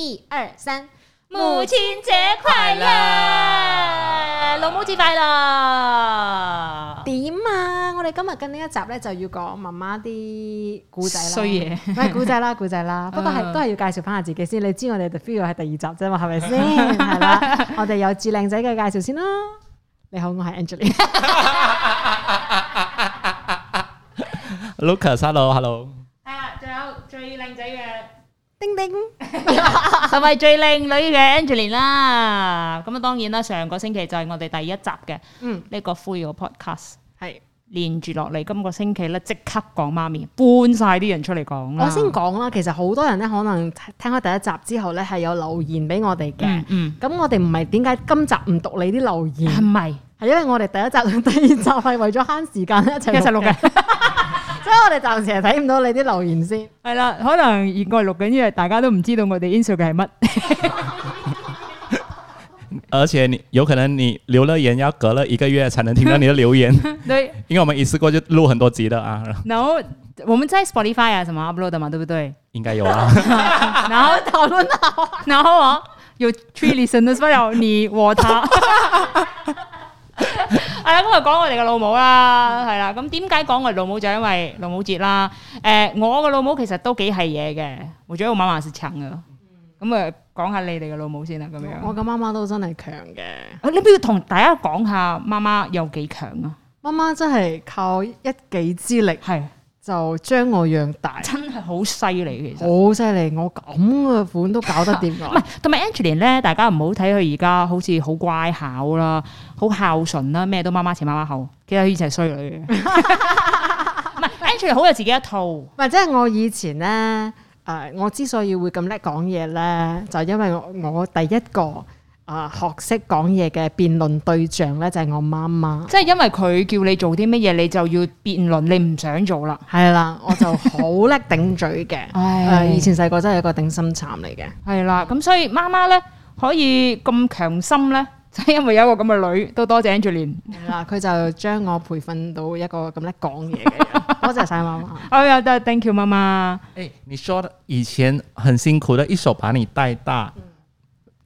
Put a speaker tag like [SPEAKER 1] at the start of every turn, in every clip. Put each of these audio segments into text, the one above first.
[SPEAKER 1] 一二三，母親節快樂，了老母節快樂。點啊？我哋今日跟呢一集咧就要講媽媽啲古仔啦。衰嘢，咪古仔啦，古仔啦。 不過係都係要介紹翻下自己先。你知我哋 The Fuyoh 係第二集啫嘛？係咪先？係啦， 我哋有最靚仔嘅介紹先啦。你好，我係 Angeline Lucas，hello，hello。
[SPEAKER 2] Lucas, hello, hello.
[SPEAKER 1] 丁丁係咪最靚女嘅 Angeline 啦？咁啊，當然啦。上個星期就係我哋第一集嘅是，嗯，呢個 free podcast 係連住落嚟。今個星期咧，即刻講媽咪，搬晒啲人出嚟講。我先講啦，其實好多人咧，可能聽開第一集之後咧，係有留言俾我哋嘅、嗯。嗯，咁我哋唔係點解今集唔讀你啲留言？唔咪、嗯？係因為我哋第一集、同第二集係為咗慳時間一齊一齊錄嘅。 所以我哋暫時係睇唔到你啲留言先。係啦，可能而家錄緊，因為大家都唔知道我哋 ins 嘅係
[SPEAKER 2] 乜。而且你有可能你留咗言，要隔咗一個月才能聽到你的留言。
[SPEAKER 1] 對，
[SPEAKER 2] 因為我們一次過就錄很多集啦啊。然
[SPEAKER 1] 後我們在 Spotify 啊，什麼 upload 嘛，對不對？
[SPEAKER 2] 應該有啦、啊 。
[SPEAKER 1] 然後討論到，然後啊，有 three listeners 不了你 我他。 咁就講我哋嘅老母啦，係啦。咁點解講我哋老母就是、因為老母節啦？誒、欸，我嘅老母其實都幾係嘢嘅，為咗我媽媽是強嘅。咁誒、嗯，講下你哋嘅老母先啦，咁樣。我嘅媽媽都真係強嘅。你不要同大家講下媽媽有幾強啊？媽媽真係靠一己之力係，就將我養大，真係好犀利，其實好犀利，我咁嘅款都搞得掂。唔係，同埋 Angeline 咧，大家唔好睇佢而家好似好乖巧啦，好孝順啦，咩都媽媽前媽媽後，其實佢以前係衰女嘅。唔係 Angeline 好有自己一套，或者 我以前咧，誒，我之所以會咁叻講嘢咧，就因為我第一個，啊，學識講嘢嘅辯論對象呢，就係、是、我媽媽，即係因為佢叫你做啲乜嘢，你就要辯論，你唔想做啦，係啦，我就好叻頂嘴嘅，誒，以前細個真係一個頂心慘嚟嘅，係啦，咁所以媽媽呢，可以咁強心呢，就係 因為有一個咁嘅女，都多謝 Angeline，佢就將我培訓到一個咁叻講嘢嘅，多 謝晒媽媽，哎呀，都 thank you 媽媽，欸，你説
[SPEAKER 2] 以前很辛苦的一手把你帶大。嗯。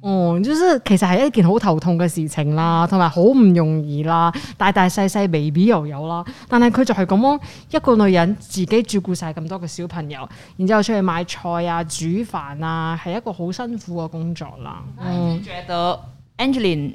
[SPEAKER 1] 哦，即係、嗯就是、其實係一件好頭痛嘅事情啦，同埋好唔容易啦，大大細細 baby 又有啦，但係佢就係咁樣一個女人自己照顧晒咁多個小朋友，然之後出去買菜啊、煮飯啊，係一個好辛苦嘅工作啦。嗯，Angeline。嗯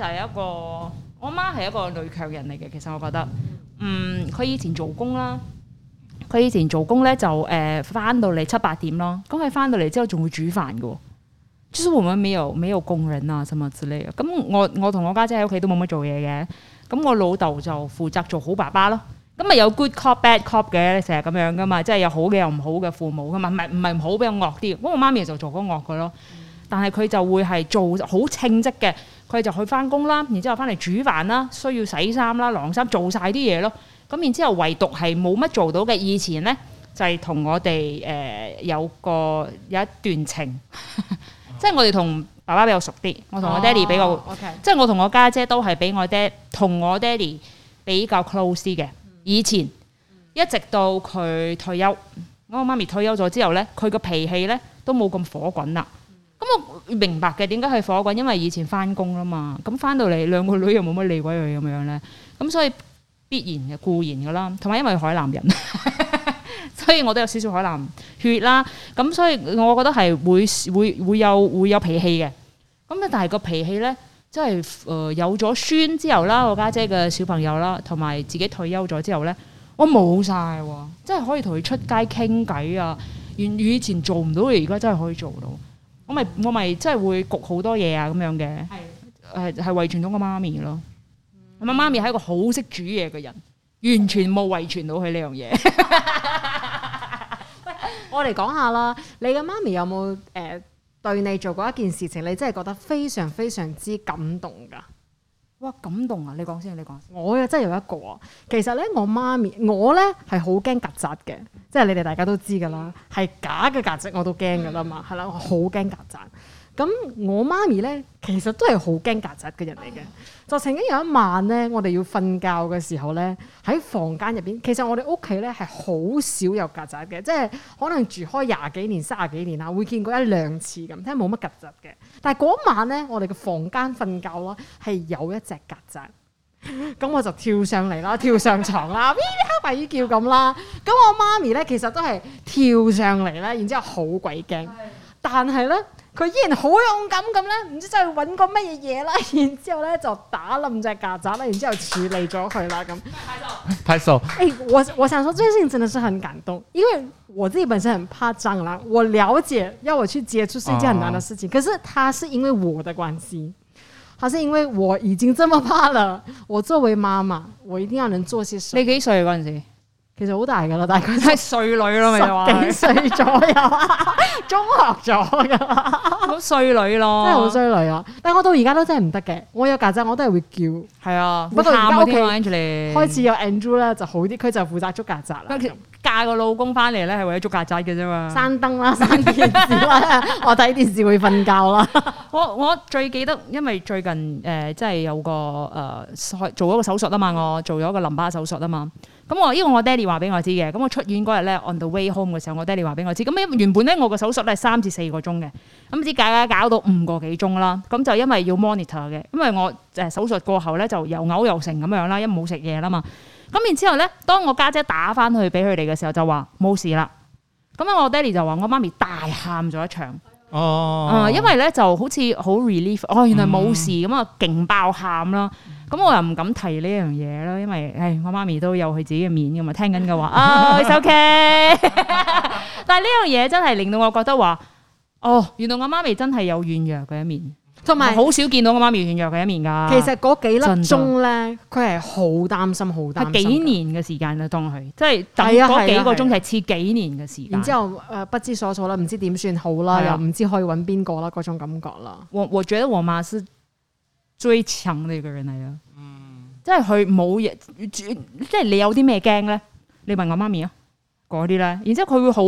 [SPEAKER 1] 就係一個，我媽係一個女強人嚟嘅。其實我覺得，嗯，佢以前做工啦，佢以前做工咧就誒翻、呃、到嚟七八點咯。咁佢翻到嚟之後仲會煮飯嘅，即係、嗯、我哋沒有沒有工人啊，什麼之類嘅。咁我我同我家姐喺屋企都冇乜做嘢嘅。咁我老豆就負責做好爸爸咯。咁咪有 good cop bad cop 嘅，成日咁樣噶嘛，即係有好嘅又唔好嘅父母噶嘛，唔係唔係唔好比較惡啲。咁我媽咪就做嗰個惡嘅咯，但係佢就會係做好稱職嘅。佢就去翻工啦，然之後翻嚟煮飯啦，需要洗衫啦、晾衫，做晒啲嘢咯。咁然之後，唯獨係冇乜做到嘅。以前呢，就係、是、同我哋誒、呃、有個有一段情，即 係我哋同爸爸比較熟啲，我同我爹哋比較，即係、啊、我同我家姐，姐都係比我爹同我爹哋比較 close 嘅。以前一直到佢退休，我媽咪退休咗之後呢，佢個脾氣呢都冇咁火滾啦。咁我明白嘅，點解係火滾？因為以前翻工啦嘛，咁翻到嚟，兩個女又冇乜理鬼佢咁樣咧，咁所以必然嘅固然噶啦。同埋因為是海南人呵呵，所以我都有少少海南血啦。咁所以我覺得係會會會有會有脾氣嘅。咁但係個脾氣咧，即係誒有咗孫之後啦，我家姐嘅小朋友啦，同埋自己退休咗之後咧，我冇晒喎，即係可以同佢出街傾偈啊。原以前做唔到嘅，而家真係可以做到。我咪我咪真係會焗好多嘢啊，咁樣嘅，係係係遺傳到個媽咪咯。咁啊媽咪係一個好識煮嘢嘅人，完全冇遺傳到佢呢樣嘢。我哋講下啦，你嘅媽咪有冇誒、呃、對你做過一件事情，你真係覺得非常非常之感動噶？哇！感動啊！你講先，你講。我又真係有一個啊。其實咧，我媽咪，我咧係好驚曱甴嘅，即係你哋大家都知㗎啦。係假嘅曱甴我都驚㗎啦嘛，係啦、嗯，我好驚曱甴。咁我媽咪咧，其實都係好驚曱甴嘅人嚟嘅。就曾經有一晚咧，我哋要瞓覺嘅時候咧，喺房間入邊。其實我哋屋企咧係好少有曱甴嘅，即係可能住開廿幾年、卅幾年啦，會見過一兩次咁，即係冇乜曱甴嘅。但係嗰晚咧，我哋嘅房間瞓覺咯，係有一隻曱甴。咁我就跳上嚟啦，跳上床啦， 咪啪啪啪叫我媽咪叫咁啦。咁我媽咪咧，其實都係跳上嚟啦，然之後好鬼驚。是但係咧。佢依然好勇敢咁咧，唔知再去揾個乜嘢嘢啦，然之後咧就打冧隻曱甴啦，然之後處理咗佢啦咁。太傻！太傻！誒，我我想說，呢件事情真的是很感動，因為我自己本身很怕蟑螂，我了解要我去接觸是一件很難的事情。可是他是因為我的關係，他是因為我已經這麼怕了？我作為媽媽，我一定要能做些事。你與誰關係？其實好大噶啦，但係佢真係衰女咯，咪就話十幾歲左右， 中學咗噶好衰女咯，真係好衰女啊！但係我到而家都真係唔得嘅，我有曱甴，我都係會叫，係啊，不過會喊屋企。Angel 開始有 Andrew 咧就好啲，佢就負責捉曱甴啦。嫁個老公翻嚟咧，係為咗捉曱甴嘅啫嘛。閂燈啦，閂電視啦， 我睇電視會瞓覺啦。我我最記得，因為最近誒，即、呃、係有個誒，做咗個手術啊嘛，我做咗個淋巴手術啊嘛。咁我呢個我爹哋話俾我知嘅，咁我出院嗰日咧 on the way home 嘅時候，我爹哋話俾我知，咁原本咧我的手術是個手術係三至四個鐘嘅，咁之搞搞搞到五個幾鐘啦，咁就因為要 monitor 嘅，因為我誒手術過後咧就又嘔又成咁樣啦，因為冇食嘢啦嘛，咁然之後咧，當我家姐，姐打返去俾佢哋嘅時候就話冇事啦，咁咧我爹哋就話我媽咪大喊咗一場，啊，哦哦哦、因為咧就好似好 relief，哦原來冇事，咁啊勁爆喊啦。咁我又唔敢提呢一樣嘢咯，因為誒我媽咪都有佢自己嘅面噶嘛，聽緊嘅話啊，係、 哦、OK。 但係呢樣嘢真係令到我覺得話，哦，原來我媽咪真係有軟弱嘅一面，同埋好少見到我媽咪軟弱嘅一面噶。其實嗰幾粒鐘咧，佢係好擔心，好擔心的。幾年嘅時間咧，當佢即係等嗰幾個鐘，係似幾年嘅時間。然之後誒不知所措啦，唔知點算好啦，又唔知可以揾邊個啦，嗰種感覺啦。我我覺得我媽是。最慘你個人嚟啦、嗯，即係佢冇嘢，即係你有啲咩驚咧？你問我媽咪啊，嗰啲咧，然之後佢會好，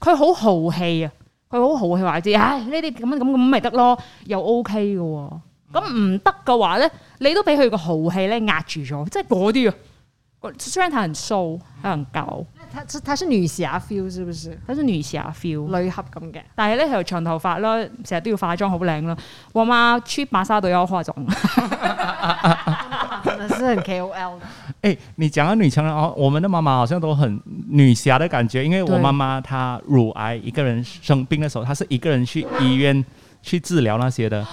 [SPEAKER 1] 佢好豪氣啊，佢好豪氣話知，唉呢啲咁咁咁咪得咯，又 OK 嘅，咁唔得嘅話咧，你都俾佢個豪氣咧壓住咗，即係嗰啲啊，相對係人 show 係人狗。她她是女俠 feel 是不是？她是女俠 feel，女俠咁嘅。但係咧，佢條長頭髮咯，成日都要化妝好靚咯。我阿媽去白沙都要化妝，係是很 KOL。
[SPEAKER 2] 誒、欸，你講到女強人哦，我們的媽媽好像都很女俠的感覺，因為我媽媽她乳癌一個人生病的時候，她是一個人去醫院去治療那些的。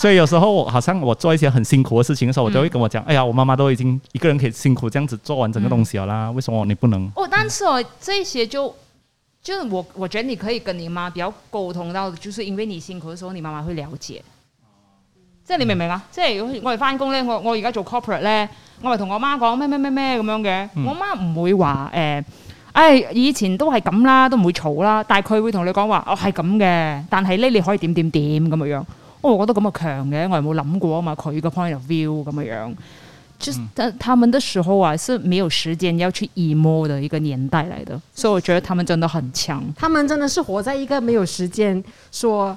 [SPEAKER 2] 所以有時候我好像我做一些很辛苦嘅事情嘅時候，我都會跟我講，嗯、哎呀，我媽媽都已經一個人可以辛苦這樣子做完整個東西了啦，嗯、為什麼你不能？
[SPEAKER 1] 哦，但是哦，這些就，就我我覺得你可以跟你媽比較溝通，到就是因為你辛苦嘅時候，你媽媽會了解。即哦、嗯，所以你明唔明嗎、啊？即係我哋翻工咧，我我而家做 corporate 咧，我咪同我媽講咩咩咩咩咁樣嘅，我媽唔、嗯、會話誒、欸，哎，以前都係咁啦，都唔會吵啦，但係佢會同你講話，哦係咁嘅，但係呢你可以點點點咁嘅樣。哦、我覺得咁啊強嘅，我有冇諗過啊嘛，佢個 point of view 咁樣，就但、嗯、他，他們的時候啊，是沒有時間要去 emo 的一個年代嚟嘅，所、so, 以我覺得他們真的很強、嗯，他們真的是活在一個沒有時間，說。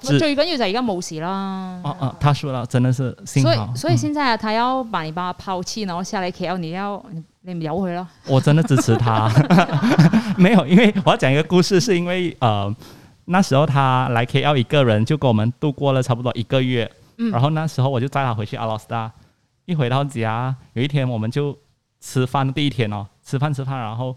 [SPEAKER 1] 最緊要就而家冇事啦。哦哦，
[SPEAKER 2] 哦呃、他說了，真的是幸好。所以所以現
[SPEAKER 1] 在、啊嗯、他要把試試你把我拋棄，然後下來 K L，你要你唔後悔咯，我真的支持他，
[SPEAKER 2] 沒有，因為我要講一個故事，是因為，呃，那時候他來 K L 一個人，就跟我們度過了差不多一個月。嗯、然後那時候我就帶他回去阿羅斯達，一回到家，有一天我們就吃飯第一天哦，吃飯吃飯，然後。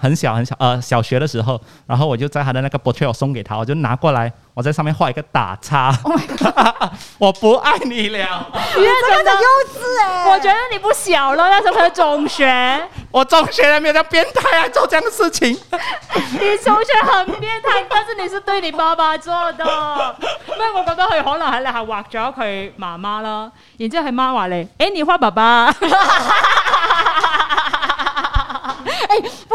[SPEAKER 2] 很小很小，呃，小學的時候，然後我就在他的那個 b o r t a i l 送給他，我就拿過來，我在上面畫一個打叉，oh、 我不愛你了。
[SPEAKER 1] 那真 的幼稚。我覺得你不小了，那時候才中學。我中學還沒有人變態做這樣的事情。 你中學很變態，但是你是對你爸爸做的。 因為我覺得他可能還你下畫咗佢媽媽啦，然之後佢媽話你，哎、欸，你畫爸爸。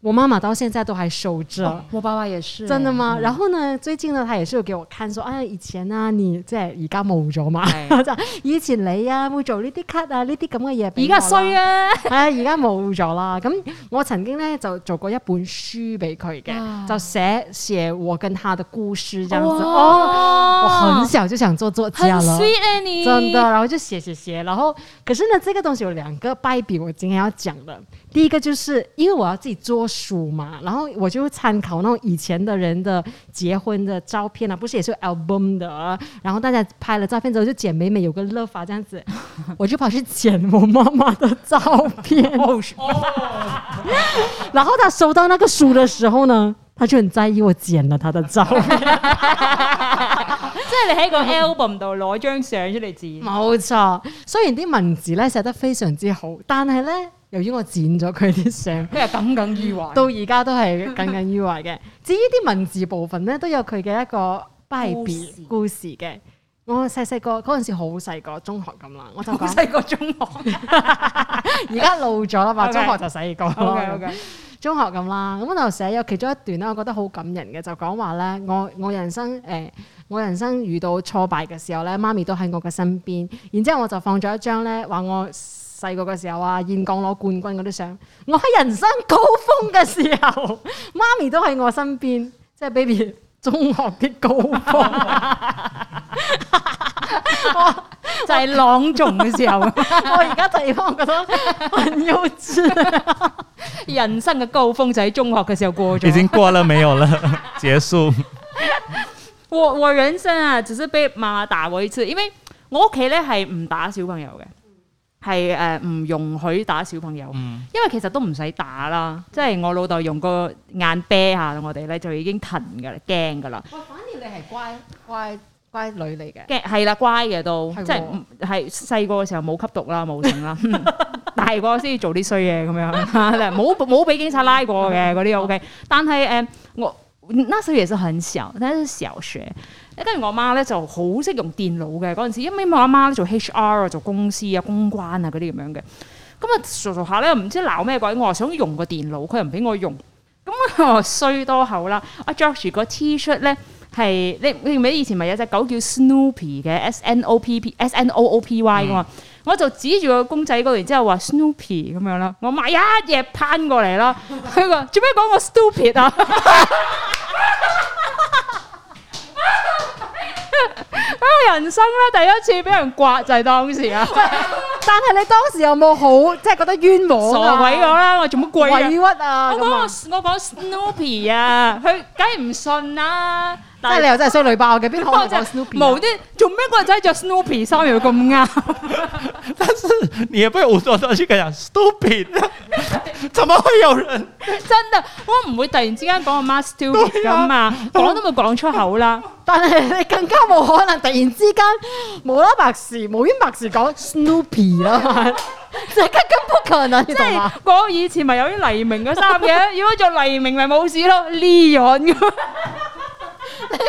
[SPEAKER 1] 我媽媽到現在都還收着。哦，我爸爸也是，真的嗎？嗯、然後呢，最近呢，他也是有給我看說，哎呀，以前呢、啊，你這係而家冇咗嘛，以前、哎、 你啊會做呢啲 cut 啊，呢啲咁嘅嘢，而家衰啊，係啊，而家冇咗啦。咁、哎嗯、我曾經咧就做過一本書俾佢嘅，啊、就寫寫我跟他的故事這樣子。哦，oh, 我很小就想做作家了，欸、真的。然後就寫寫寫，寫然後可是呢，這個東西有兩個敗筆，我今天要講的。第一個就是因為我要自己做。書嘛，然後我就參考那種以前的人的結婚的照片啊，不是也是 album 的啊，然後大家拍了照片之後就剪美美，有個樂發這樣子，我就跑去剪我媽媽的照片。然後他收到那個書的時候呢，他就很在意我剪了他的照片。即係你喺個 album 度攞張相出嚟剪，冇錯。雖然啲文字咧寫得非常之好，但係咧。由於我剪咗佢啲相，佢係耿耿於懷，到而家都係耿耿於懷嘅。 至於啲文字部分咧，都有佢嘅一個不離故事嘅。我細細個嗰陣時好細個，中學咁啦，我就講好細個中學，而家老咗啦嘛，Okay. 中學就細個，okay, okay. 中學咁啦。咁我就寫有其中一段咧，我覺得好感人嘅，就講話咧，我我人生誒、呃，我人生遇到挫敗嘅時候咧，媽咪都喺我嘅身邊。然之後我就放咗一張咧，話我。細個嘅時候啊，演講攞冠軍嗰啲相，我喺人生高峰嘅時候，媽咪都喺我身邊，即係 baby 中學嘅高峰，就係朗誦嘅時候， 我而家突然間覺得好幼稚， 人生嘅高峰就喺中學嘅時候過咗，已經
[SPEAKER 2] 過了沒有了，結束。
[SPEAKER 1] 我我人生啊，只是被媽媽打過一次，因為我屋企咧係唔打小朋友嘅。係誒，唔容許打小朋友，嗯、因為其實都唔使打啦。嗯、即係我老豆用個眼啤下我哋咧，就已經疼噶啦，驚噶啦。我、哦、反而你係乖乖乖女嚟嘅，係啦乖嘅都，的即係係細個嘅時候冇吸毒啦，冇整啦，大個先做啲衰嘢咁樣，冇冇俾警察拉過嘅嗰啲 OK。但係誒，我那時候其實很小，那是小學。跟住我媽咧就好識用電腦嘅嗰陣時，因為我阿媽咧做 HR 啊，做公司啊、公關啊嗰啲咁樣嘅，咁啊傻傻下咧，唔知鬧咩鬼，我話想用個電腦，佢又唔俾我用，咁我衰多口啦，我著咗個 T shirt 咧係你你唔記得以前咪有隻狗叫 Snoopy 嘅 S N O P P S N O O P Y 嘛，我就指住個公仔度，然之後話 Snoopy 咁樣啦，說 no、opy, 我媽一夜攀過嚟啦，佢話做咩講我 stupid 啊？ 人生咧第一次俾人刮就係當時啊， 但係你當時有冇好即係、就是、覺得冤枉啊？傻鬼咁啦，我做乜鬼屈啊？我講我講 Snoopy 啊，佢梗係唔信啦、啊。即係你又真係衰女包嘅，邊個真冇啲？做咩個仔着 Snoopy 衫又咁啱？
[SPEAKER 2] 但是你又不如換咗多啲人 Snoopy 啦？怎麼會有人？
[SPEAKER 1] 真的，我唔會突然之間講阿媽 Snoopy 噶嘛，講都冇講出口啦。但係你更加冇可能突然之間冇啦白事、無端白事講 Snoopy 啦，即係更加不可能，你明嘛？我以前咪有啲黎明嘅衫嘅，如果着黎明咪冇事咯，Leon 咁。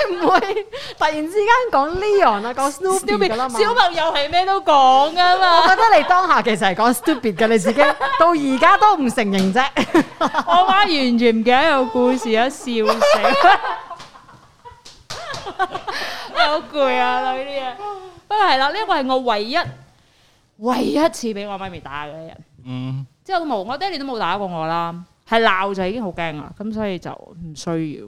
[SPEAKER 1] 唔會突然之間講 Leon 啊，講 Stupid 噶啦嘛，小朋友係咩都講噶嘛。我覺得你當下其實係講 Stupid 噶，你自己到而家都唔承認啫。我媽完全唔記得有故事啊，笑死！好攰啊，女啲啊。不過係啦，呢個係我唯一、唯一一次俾我媽咪打嘅人。嗯。之後都冇，我爹哋都冇打過我啦。係鬧就已經好驚啦，咁所以就唔需要。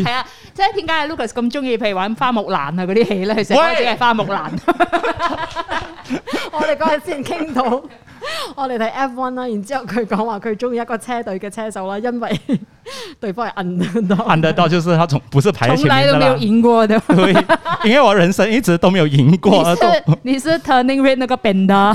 [SPEAKER 1] 係啊，即係點解 Lucas 咁中意，譬如玩花木蘭啊嗰啲戲咧？佢成日只係花木蘭喂。我哋嗰陣先傾到，我哋睇 F1 啦，然之後佢講話佢中意一個車隊嘅車手啦，因為對方係按得
[SPEAKER 2] 到，按得到就是他從不是排前嘅，從來都沒有贏
[SPEAKER 1] 過。對，
[SPEAKER 2] 因為我人生一直都沒有贏過，啊你。
[SPEAKER 1] 你是 Turning Red 那個 band 啊？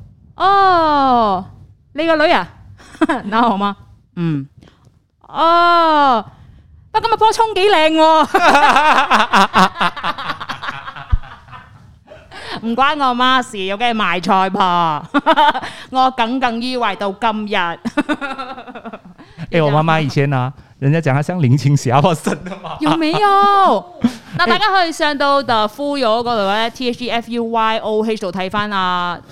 [SPEAKER 1] 哦，oh, 你個女啊，嗱，好嗎？嗯，哦、oh，不過今日波冲幾靚喎，唔關我媽事，有叫賣菜婆，我耿耿於懷到今日。
[SPEAKER 2] 誒，我媽媽以前啊，人家講下像林青霞，話真的嗎？有沒
[SPEAKER 1] 有？嗱，Wow Wow 大家可以上到 the fuyo 嗰度咧，t h e f u y o h 度睇翻啊。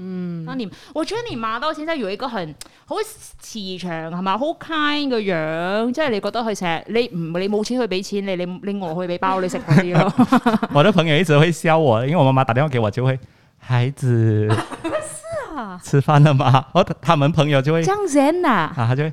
[SPEAKER 1] 嗯 t 我去年買多錢，即係如果你覺得好慈祥係嘛，好 kind 嘅樣，即係你覺得佢成日，你唔你冇錢去俾錢，你你拎我去俾包你食啲咯。
[SPEAKER 2] 我啲朋友一直會笑我，因為我媽媽打電話給我就會，孩子，
[SPEAKER 1] 啊是啊，吃
[SPEAKER 2] 飯啦嘛，我他們朋友就會，真
[SPEAKER 1] 神啊，啊，佢。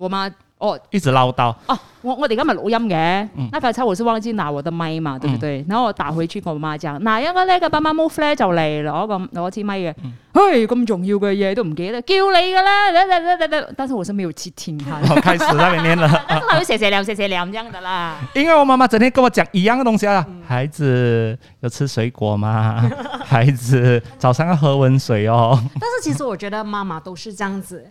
[SPEAKER 1] 我媽哦，一直嘮叨哦，我我哋今日錄音嘅，那剛才我是忘記拿我的麥嘛，對不對？然後我打回去，跟我媽講，哪一個呢個爸爸媽媽 friend 就嚟攞個攞支麥嘅，嘿，咁重要嘅嘢都唔記得，叫你噶啦，但是我真係冇有接電話？我開始了，你呢？那要謝謝了，謝謝了，咁樣的啦。因為我媽媽整天跟我講
[SPEAKER 2] 一樣嘅東西啊，孩子要吃水果嘛，孩子早上要喝溫水哦。
[SPEAKER 1] 但是其實我覺得媽媽都是這樣子。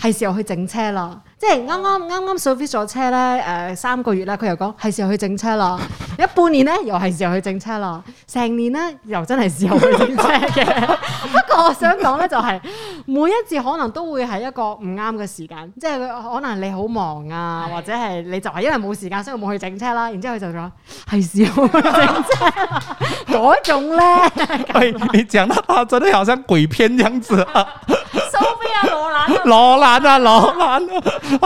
[SPEAKER 1] 係時候去整車啦，即係啱啱啱啱掃 fit 咗車咧，誒、呃、三個月啦，佢又講係時候去整車啦，有一 半年咧又係時候去車了整車啦，成年咧又真係時候去整車嘅。 不過我想講咧就係、是、每一次可能都會係一個唔啱嘅時間，即係可能你好忙啊，是或者係你就係因為冇時間所以冇去整車啦，然之後佢就咗係時候去整車嗰 種咧。 喂，
[SPEAKER 2] 你講到真係好像鬼片咁樣子啊！ 羅蘭啊羅蘭啊，啊，啊，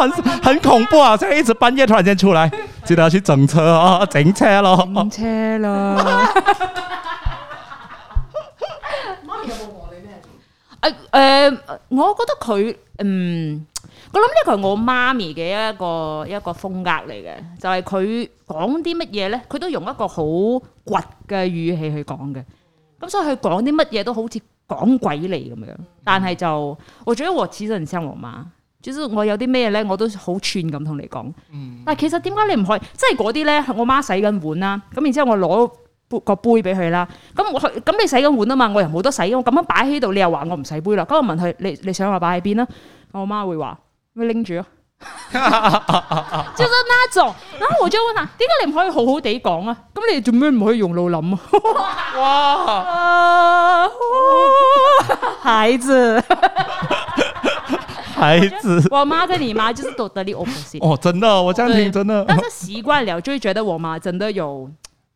[SPEAKER 2] 很很恐怖，啊，好像，啊、一直半夜突然間出嚟，記得要去整車
[SPEAKER 1] 啊整車咯，整車咯。媽咪、啊、 有冇話你咩？誒誒、啊呃，我覺得佢嗯，我諗呢個係我媽咪嘅一個一個風格嚟嘅，就係佢講啲乜嘢咧，佢都用一個好倔嘅語氣去講嘅，咁所以佢講啲乜嘢都好似。講鬼嚟咁樣，但係就、mm hmm. 我最和氣就唔似我媽，即使我有啲咩咧，我都好串咁同你講。Mm hmm. 但係其實，點解你唔去？即係嗰啲咧，我媽洗緊碗啦，咁然之後我攞杯個杯俾佢啦，咁佢咁，你洗緊碗啊嘛，我又冇得洗，我咁樣擺喺度，你又話我唔洗杯啦。咁我問佢，你你想話擺喺邊啦？我媽會話咪拎住咯。 就是那種，然後我就問他點解你唔可以好好地講啊？咁你做咩唔可以用腦諗啊？哇、呃哦，孩子，
[SPEAKER 2] 孩子， 我
[SPEAKER 1] 媽跟你媽就是 totally the opposite。哦，
[SPEAKER 2] 真的，我真係聽真的。但
[SPEAKER 1] 是習慣了就會覺得我媽真的有，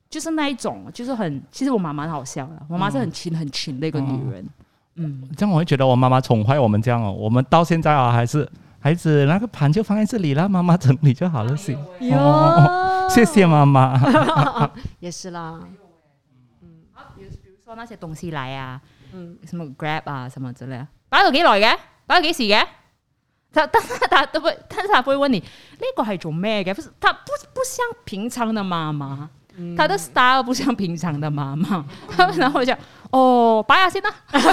[SPEAKER 1] 就是那一種，就是很其實我媽蠻好笑嘅。我媽是很親很親嘅一個女人。嗯，咁、
[SPEAKER 2] 嗯嗯、我會覺得我媽媽寵壞我們，這樣哦、喔。我們到現在啊，還是。孩子，那個盤就放在這裏啦。媽媽整理就好了，行。哎哎
[SPEAKER 1] 哦，Yeah 謝謝媽媽。 也是啦，哎哎嗯，好，比如說那些東西來啊，嗯，什麼 Grab 啊，什麼之類啊，擺到幾耐嘅？擺到幾時嘅？他、他、他都不會，但是他不會問你呢、這個係做咩嘅，不是？他不不像平常的媽媽，嗯、他的 style 不像平常的媽媽，嗯、 然後我就。哦，擺下先啦，係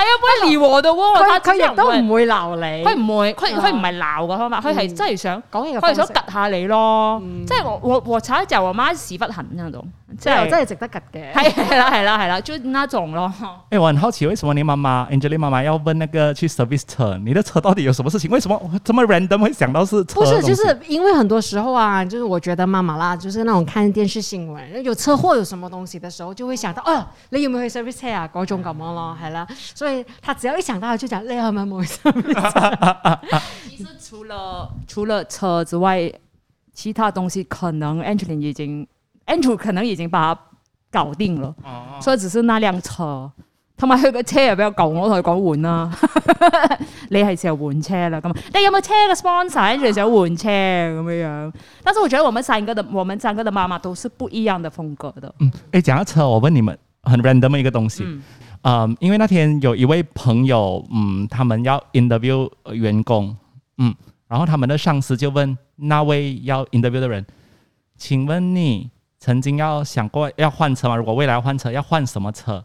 [SPEAKER 1] 啊，唔會理我㗎喎，佢亦都唔會鬧你，佢唔會，佢佢唔係鬧嘅方法，佢係真係想講嘢，佢想趌下你咯，即係我查一查我媽屎不痕嗰種，即係真係值得趌嘅，係啦係啦係啦，就那種咯。
[SPEAKER 2] 誒，我很好奇，為什麼你媽媽 Angeline 媽媽要問那個去 service 你的車到底有什麼事情？為什麼這麼 random 會想到是？不是，就是
[SPEAKER 1] 因為很多時候啊，就是我覺得媽媽啦，就是那種看電視新聞有車禍有什麼東西的時候，就會。想到哦，你有冇去 service 車啊？嗰種咁樣咯，係啦，所以他只要一想到就講，你係咪冇去 service？其實除了除了車之外，其他東西可能 Angeline 已經 Andrew 可能已經把它搞定了，哦哦所以只是那輛車。同埋佢個車又比較舊，我同佢講換啦。你係時候換車啦，咁你有冇車嘅 sponsor？跟住想換車咁樣樣。但是我覺得我們三個的，我們三個的媽媽都是不一樣的風格的。嗯，
[SPEAKER 2] 誒、欸，講到車，我問你們很 random 一個東西。嗯，嗯。因為那天有一位朋友，嗯，他們要 interview 員工，嗯，然後他們的上司就問那位要 interview 的人，請問你曾經要想過要換車嗎？如果未來要換車，要換什麼車？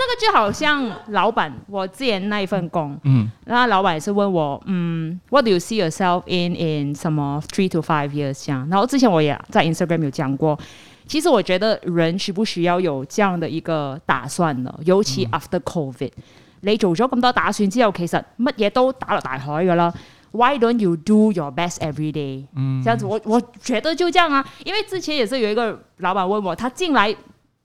[SPEAKER 1] 這個就好像老闆，我之前那一份工，嗯，那老闆也是問我，嗯，what do you see yourself in in 什麼 three to five years 這樣。然後之前我也在 Instagram 有講過，其實我覺得人需不需要有這樣的一個打算呢？尤其 after covid，嗯，你做咗咁多打算之後，其實乜嘢都打落大海噶啦。Why don't you do your best every day？嗯，這樣子我我覺得就這樣啊，因為之前也是有一個老闆問我，他進來。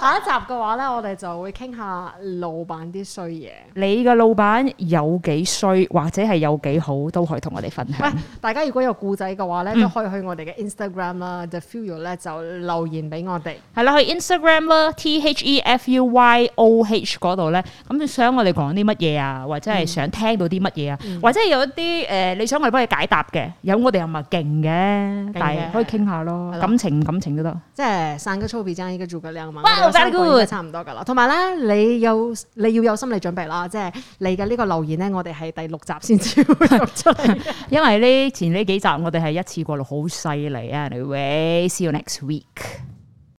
[SPEAKER 1] 下一集嘅話咧，我哋就會傾下老闆啲衰嘢。你嘅老闆有幾衰，或者係有幾好，都可以同我哋分享。喂、呃，大家如果有故仔嘅話咧，嗯、都可以去我哋嘅 Instagram 啦、嗯，The Fuyoh 咧就留言俾我哋。係啦，去 Instagram 啦，T H E F U Y O H 嗰度咧。咁你想我哋講啲乜嘢啊，或者係想聽到啲乜嘢啊，嗯、或者有一啲誒、呃、你想我哋幫你解答嘅，有我哋又唔係勁嘅，但係可以傾下咯，了感情感情都得。即係三個臭皮匠，一個諸葛亮嘛。喂 S 應該差唔多噶啦，同埋咧，你有你要有心理準備啦，即係你嘅呢個留言咧，我哋係第六集先至出嚟， 因為呢前呢幾集我哋係一次過錄好犀利啊，We see you next week。